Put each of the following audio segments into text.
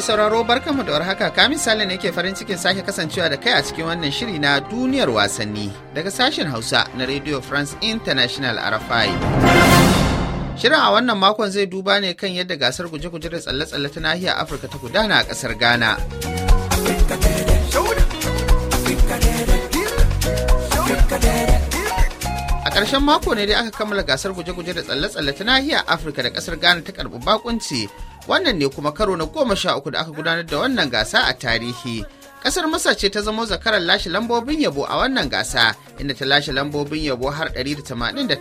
Mai sauraro barkanmu da warhaka ka misali ne ke farin cikin sake kasancewa da kai a cikin wannan shiri na duniyar wasanni daga sashen Hausa na Radio France International RFI. Shirin a wannan makon zai duba ne kan yadda gasar guje-guje da tsalle-tsalle ta nahiyar Afirka ta gudana a kasar Ghana. Karshen mako ne dai aka kammala gasar guje-guje da tsalle-tsalle ta nahiya Afirka da ƙasar Ghana ta karɓi bakunci. Wannan ne kuma karo na goma sha uku da aka gudanar da wannan gasa a tarihi. Kasar Masar ce ta zamo zakarar lashe lambobin yabo a wannan gasa inda ta lashe lambobin yabo har 189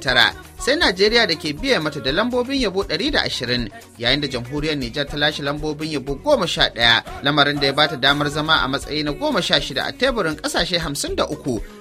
sai Najeriya da ke biya mata da lambobin yabo 120 yayin da jamhuriyar Nijar ta lashe lambobin yabo 11 lamarin da ya bata damar zama a matsayi na 16 a teburin kasashe 53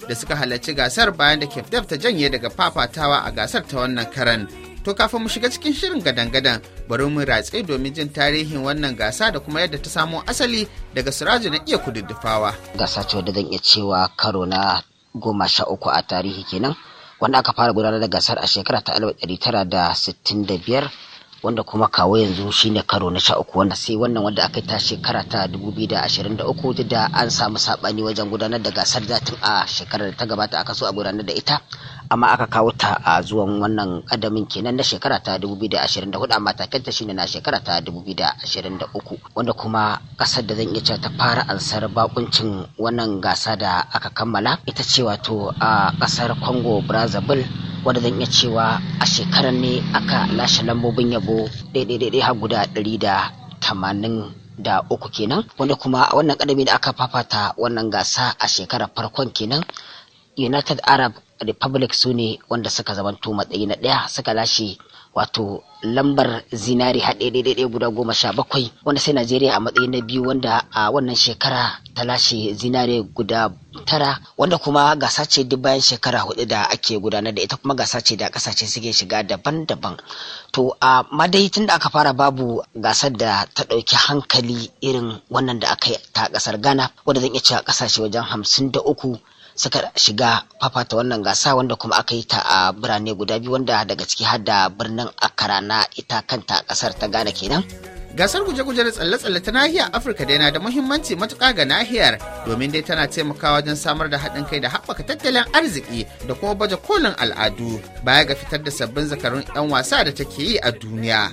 da suka halarci gasar bayan da Cape ta janye daga fafatawa a gasar ta wannan karan. To kafin mu shiga cikin shirin gadan-gadan bari mu ratse domin jin tarihin wannan gasa da kuma yadda ta samo asali daga Siraju na iya kududdufawa. Gasa ce wadda zan iya cewa karo na goma sha uku a tarihi kenan wanda aka fara gudanar da gasar a shekara ta alif ɗari tara da sittin da biyar wanda kuma kawo yanzu shine karo na sha uku wanda sai wannan wanda aka ta shekara ta dubu biyu da ashirin da uku da an samu saɓani wajen gudanar da gasar zatin a shekarar da ta gabata aka so a gudanar da ita amma aka kawo ta a zuwan wannan kadamin kenan na shekara ta 2024 amma takenta shine na shekara ta 2023 wanda kuma kasar da zan iya cewa ta fara ansar bakuncin wannan gasa da aka kammala ita ce wato a kasar Congo Brazzaville wadda zan iya cewa a shekarar ne aka lashe lambobin yabo daidai har guda ɗari da uku kenan wanda kuma a wannan kadami da aka fafata wannan gasa a shekarar farkon kenan united arab republic su ne wanda suka zamanto matsayi na ɗaya suka lashe wato lambar zinari haɗe daidai guda goma sha bakwai wanda sai najeriya a matsayi na biyu wanda a wannan shekara ta lashe zinari guda tara wanda kuma gasa ce duk bayan shekara hudu da ake gudanar da ita kuma gasa ce da kasashe suke shiga daban-daban to a madai tun da aka fara babu gasar da ta ɗauki hankali irin wannan da aka yi ta kasar ghana wanda zan iya cewa ƙasashe wajen hamsin da uku suka shiga fafata wannan gasa wanda kuma aka yi ta a birane guda biyu wanda daga ciki har da birnin Akara na ita kanta kasar ta Ghana kenan. Gasar guje-guje da tsalle-tsalle ta nahiyar Afirka dai na da muhimmanci matuƙa ga nahiyar domin dai tana taimakawa wajen samar da haɗin kai da haɓaka tattalin arziki da kuma baje kolin al'adu baya ga fitar da sabbin zakarun 'yan wasa da take yi a duniya.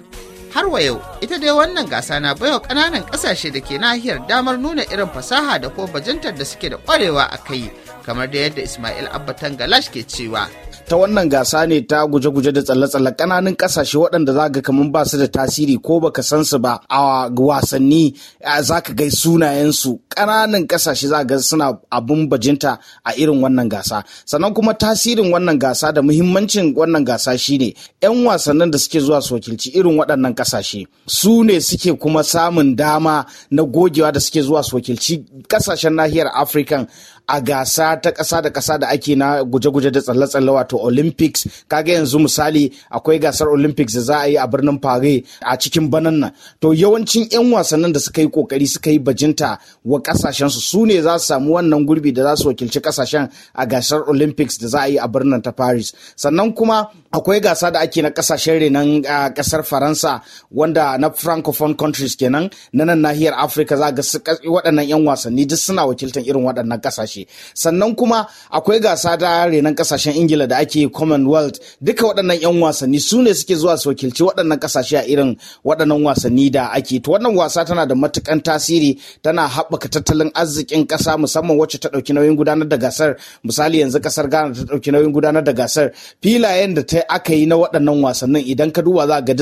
har wa yau ita dai wannan gasa na baiwa ƙananan ƙasashe da ke nahiyar damar nuna irin fasaha da kuma bajintar da suke da ƙwarewa a kai kamar da yadda Ismail Abba Tangalash ke cewa. Ta wannan gasa ne ta guje-guje da tsalle-tsalle ƙananun ƙasashe waɗanda za ga kamar ba su da tasiri ko baka san su ba a wasanni za ka gai sunayensu ƙananan ƙasashe za ga suna abun bajinta a irin wannan gasa. Sannan kuma tasirin wannan gasa da muhimmancin wannan gasa shine 'yan wasannin da suke zuwa su wakilci irin waɗannan ƙasashe su ne suke kuma samun dama na gogewa da suke zuwa su wakilci ƙasashen nahiyar Afirkan a gasa ta ƙasa da ƙasa da ake na guje-guje da tsalle-tsalle wato olympics kaga yanzu misali akwai gasar olympics da za a yi a birnin pare a cikin banan nan to yawancin 'yan wasannin da suka yi kokari suka yi bajinta wa kasashen su su ne za su samu wannan gurbi da za su wakilci kasashen a gasar olympics da za a yi a birnin ta paris sannan kuma akwai gasa da ake na kasashen renon kasar faransa wanda na francophone countries kenan na nan nahiyar africa za ga waɗannan 'yan wasanni duk suna wakiltar irin waɗannan ƙasashe. kasashe sannan kuma akwai gasa ta renon kasashen ingila da ake commonwealth duka waɗannan 'yan wasanni su ne suke zuwa su wakilci waɗannan kasashe a irin waɗannan wasanni da ake to wannan wasa tana da matukan tasiri tana haɓaka tattalin arzikin ƙasa musamman wacce ta ɗauki nauyin gudanar da gasar misali yanzu ƙasar ghana ta ɗauki nauyin gudanar da gasar filayen da ta aka yi na waɗannan wasannin idan ka duba za ga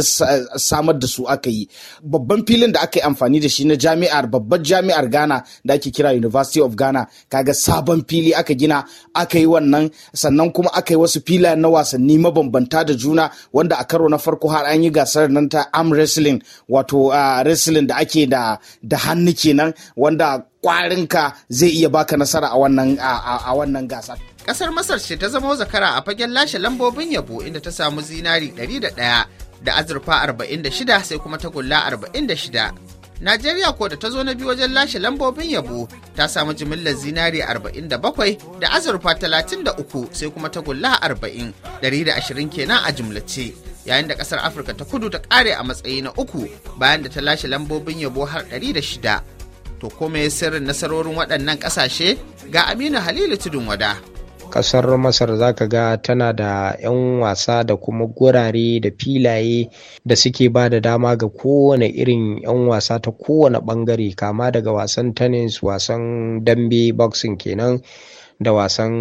samar da su aka yi babban filin da aka yi amfani da shi na jami'ar babbar jami'ar ghana da ake kira university of ghana kaga sabon fili aka gina aka yi wannan sannan kuma aka yi wasu filayen na wasanni mabambanta da juna wanda a karo na farko har an yi gasar nan ta arm wrestling wato wrestling da ake da hannu kenan wanda kwarinka zai iya baka nasara a wannan a wannan gasar kasar masar ce ta zama zakara a fagen lashe lambobin yabo inda ta samu zinari 101 da azurfa 46 sai kuma tagulla 46 Najeriya ko da ta zo na biyu wajen lashe lambobin yabo ta samu jimillar zinari 47 da azurfa 33 sai kuma ta tagulla 40 120 kenan a jimlace. Yayin da kasar Afirka ta kudu ta kare a matsayi na uku bayan da ta lashe lambobin yabo har 106. To kome sirrin nasarorin waɗannan ƙasashe ga Aminu Halilu Tudun Wada. kasar masar za ka ga tana da 'yan wasa da kuma gurare da filaye da suke ba da dama ga kowane irin 'yan wasa ta kowane bangare kama daga wasan tennis wasan dambe boxing kenan da wasan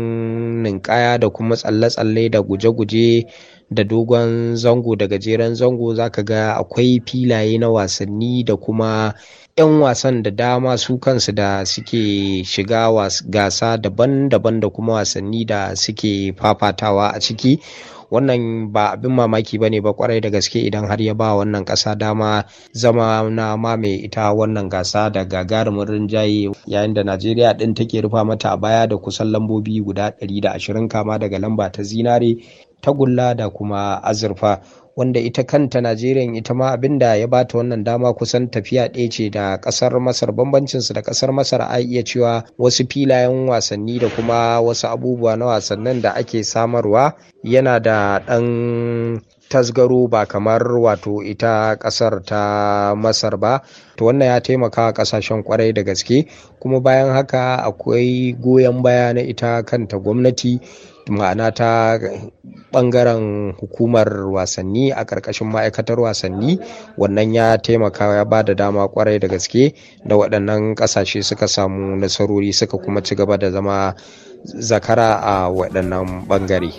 ninkaya da kuma tsalle-tsalle da guje-guje da dogon zango da gajeren zango za ka ga akwai filaye na wasanni da kuma 'yan wasan da dama su kansu da suke shiga gasa daban-daban da kuma wasanni da suke fafatawa a ciki wannan ba abin mamaki ba ne ba kwarai da gaske idan har ya ba wannan ƙasa dama zama na mame ita wannan gasa da gagarumin rinjaye yayin da najeriya ɗin take rufa mata a baya da kusan lambobi guda 120 kama daga lamba ta zinare tagulla da kuma azurfa wanda ita kanta najeriya ita ma abin da ya bata wannan dama kusan tafiya ɗaya ce da ƙasar masar bambancinsu da ƙasar masar a iya cewa wasu filayen wasanni da kuma wasu abubuwa na wasannin da ake samarwa yana da ɗan tasgaro ba kamar wato ita ƙasar ta masar ba to wannan ya taimaka ƙasashen kwarai da gaske kuma bayan haka akwai goyon baya na ita kanta gwamnati ma'ana ta bangaren hukumar wasanni a karkashin ma'aikatar wasanni wannan ya taimaka ya ba da dama kwarai da gaske da waɗannan ƙasashe suka samu nasarori suka kuma ci gaba da zama zakara a waɗannan bangare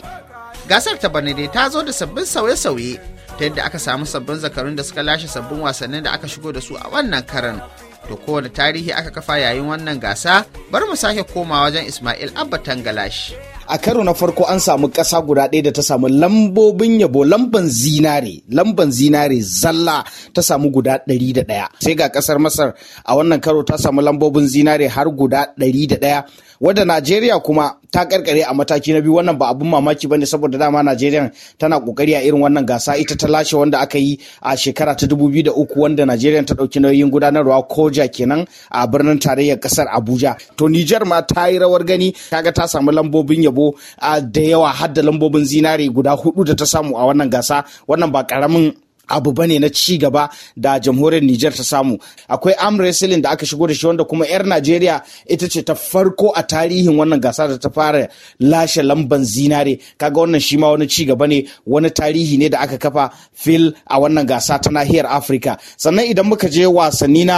gasar ta dai ta zo da sabbin sauye-sauye ta yadda aka samu sabbin zakarun da suka lashe sabbin wasannin da aka shigo da su a wannan karan to kowane tarihi aka kafa yayin wannan gasa bar mu sake koma wajen ismail abba tangalashi a karo na farko an samu ƙasa guda ɗaya da ta samu lambobin yabo lamban zinare lamban zinare zalla ta samu guda ɗari da ɗaya sai ga ƙasar masar a wannan karo ta samu lambobin zinare har guda ɗari da ɗaya wadda najeriya kuma ta karkare a mataki na biyu wannan ba abun mamaki bane saboda dama Najeriya tana kokari a irin wannan gasa ita ta lashe wanda aka yi a shekara ta dubu biyu da uku wanda Najeriya ta dauki nauyin gudanarwa koja kenan a birnin tarayyar kasar Abuja to Niger ma ta yi rawar gani kaga ta samu lambobin yabo da yawa har da lambobin zinare guda hudu da ta samu a wannan gasa wannan ba karamin abu bane na ci gaba da jamhuriyar Nijar ta samu akwai arm wrestling da aka shigo da shi wanda kuma 'yar Najeriya ita ce ta farko a tarihin wannan gasa da ta fara lashe lamban zinare kaga wannan shi ma wani ci gaba ne wani tarihi ne da aka kafa fil a wannan gasa ta nahiyar Afrika. sannan idan muka je wasanni na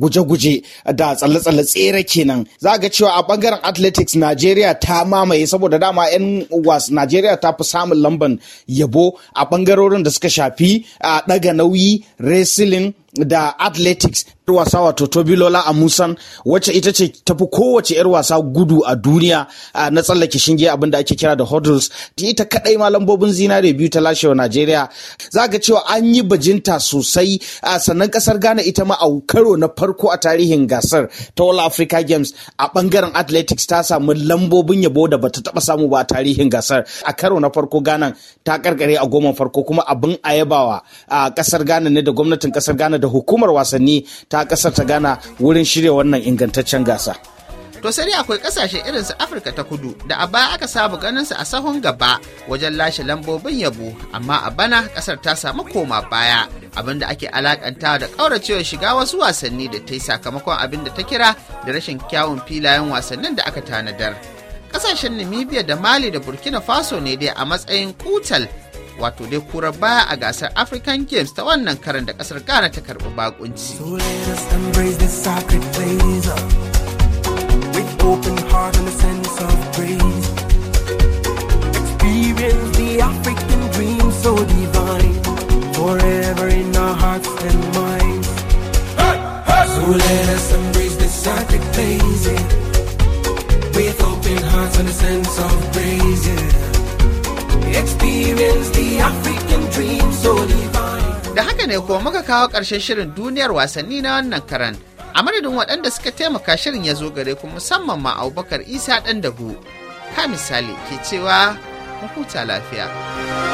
guje-guje da tsalle-tsalle tsere kenan za ga cewa a bangaren athletics nigeria ta mamaye saboda dama 'yan wasu nigeria ta fi samun lamban yabo a bangarorin da suka shafi a daga nauyi wrestling da athletics yar wasa wato tobilola amusan wacce ita ce tafi kowace yar wasa gudu a duniya na tsallake shinge abin da ake kira da hurdles ita kadai ma lambobin zinare biyu ta lashe wa najeriya za ga cewa an yi bajinta sosai a sannan kasar ghana ita ma a karo na farko a tarihin gasar ta all africa games a bangaren athletics ta samu lambobin yabo da bata taba samu ba a tarihin gasar a karo na farko ghana ta karkare a goma farko kuma abin ayabawa a kasar ghana ne da gwamnatin kasar ghana da hukumar wasanni ta kasar ta gana wurin shirya wannan ingantaccen gasa. To sai akwai kasashe irin su Afirka ta kudu da a baya aka saba ganin su a sahun gaba wajen lashe lambobin yabo amma a bana kasar ta samu koma baya abin da ake alakanta da kauracewa shiga wasu wasanni da ta yi sakamakon abin da ta kira da rashin kyawun filayen wasannin da aka tanadar. Kasashen Namibia da Mali da Burkina Faso ne dai a matsayin kutal wato dai kura baya a gasar African Games ta wannan karan da kasar Ghana ta karɓi bakunci. Open hearts and a sense of grace. Experience the African dream so divine, forever in our hearts and minds. Hey, hey. So let us embrace this sacred place with open hearts and a sense of grace. Experience the haka ne kuma muka kawo ƙarshen shirin duniyar wasanni na wannan karan. A madadin waɗanda suka taimaka shirin ya zo gare ku musamman ma Abubakar Isa ɗan dabu. Ka misali ke cewa huta lafiya.